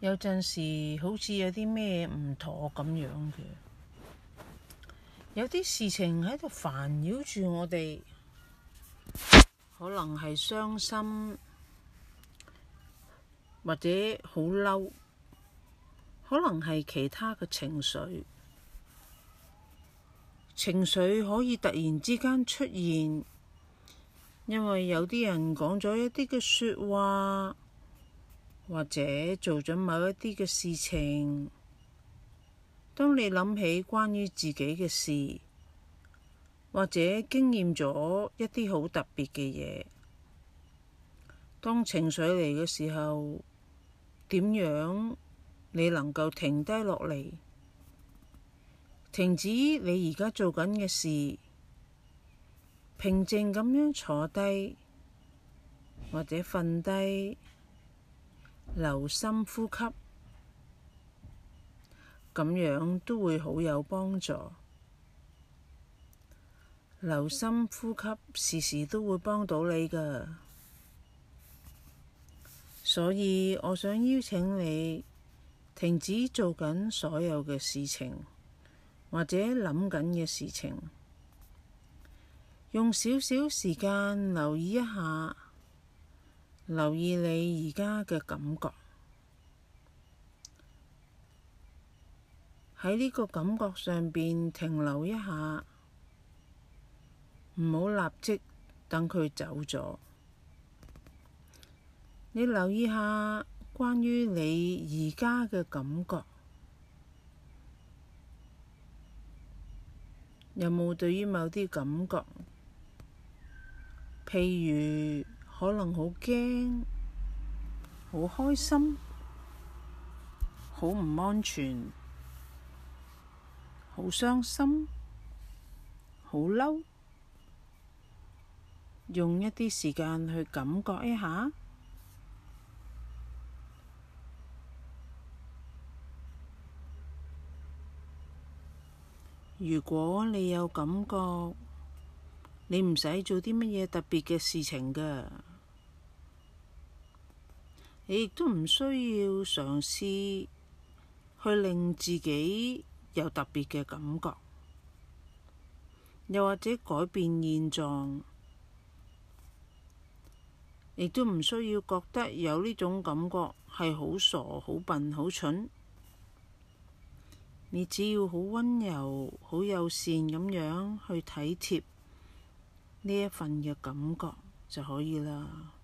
有陣時好似有啲咩唔妥咁樣嘅，有啲事情喺度煩擾住我哋，可能係傷心，或者好嬲，可能係其他嘅情緒，情緒可以突然之間出現，因為有啲人講咗一啲嘅說話。或者做咗某一啲嘅事情，當你諗起關於自己嘅事，或者經驗咗一啲好特別嘅嘢，當情緒嚟嘅時候，點樣你能夠停低落嚟，停止你而家做緊嘅事，平靜咁樣坐低或者瞓低。留心呼吸，咁樣都會好有幫助。留心呼吸，時時都會幫到你嘅。所以我想邀請你停止做緊所有嘅事情，或者諗緊嘅事情，用少少時間留意一下。留意你而家嘅感覺，喺呢個感覺上邊停留一下，唔好立即等佢走咗。你留意下關於你而家嘅感覺，有冇對於某啲感覺，譬如，可能好驚，好開心，好唔安全，好傷心，好嬲。用一啲時間去感覺一下。如果你有感覺，你唔使做啲乜嘢特別嘅事情㗎。你亦都唔需要嘗試去令自己有特別嘅感覺，又或者改變現狀，你亦都唔需要覺得有呢種感覺係好傻、好笨、好蠢。你只要好溫柔、好友善咁樣去體貼呢一份嘅感覺就可以啦。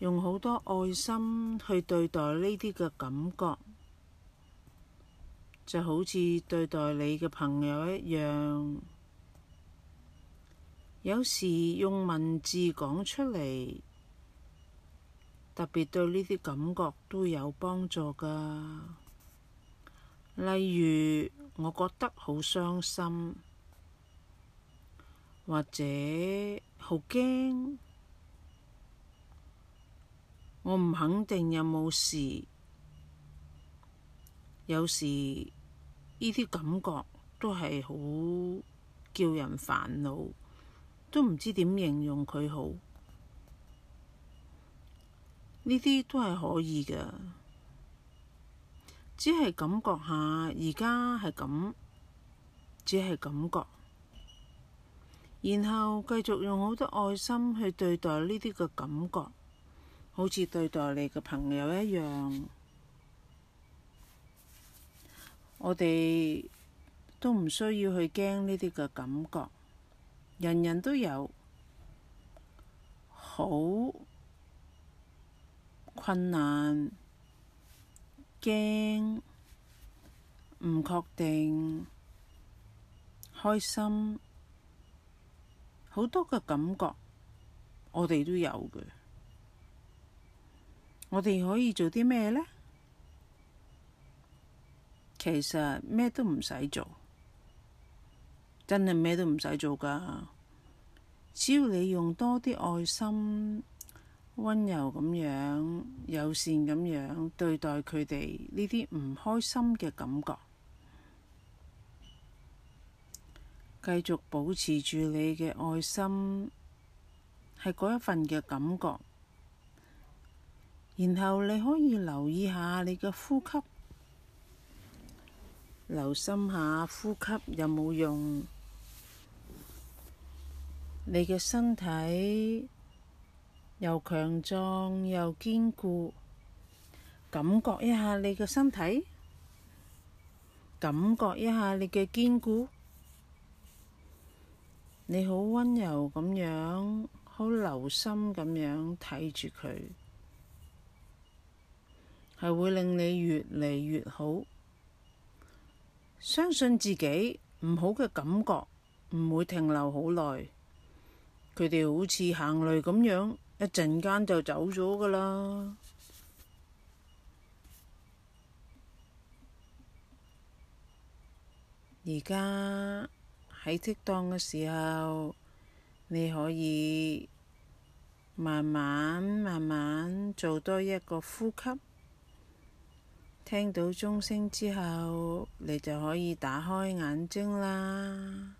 用好多愛心去對待呢啲嘅感覺，就好似對待你嘅朋友一樣。有時用文字講出嚟，特別對呢啲感覺都有幫助㗎。例如，我覺得好傷心，或者好驚。我唔肯定有冇事，有時呢啲感覺都係好叫人煩惱，都唔知點形容佢好。呢啲都係可以㗎，只係感覺下，而家係咁，只係感覺，然後繼續用好多愛心去對待呢啲嘅感覺。好似對待你嘅朋友一樣，我哋都唔需要去驚呢啲嘅感覺。人人都有好困難、驚、唔確定、開心好多嘅感覺，我哋都有嘅。我哋可以做啲咩咧？其實咩都唔使做，真係咩都唔使做噶。只要你用多啲愛心、温柔咁樣、友善咁樣對待佢哋呢啲唔開心嘅感覺，繼續保持住你嘅愛心，係嗰一份嘅感覺。然後你可以留意下你嘅呼吸，留心下呼吸有冇用？你嘅身體又強壯又堅固，感覺一下你嘅身體，感覺一下你嘅堅固。你好温柔咁樣，好留心咁樣睇住佢。係會令你越嚟越好。相信自己，唔好嘅感覺唔會停留好耐。佢哋好似行雷咁樣，一陣間就走咗㗎喇。而家喺適當嘅時候，你可以慢慢慢慢做多一個呼吸。聽到鐘聲之後，你就可以打開眼睛啦。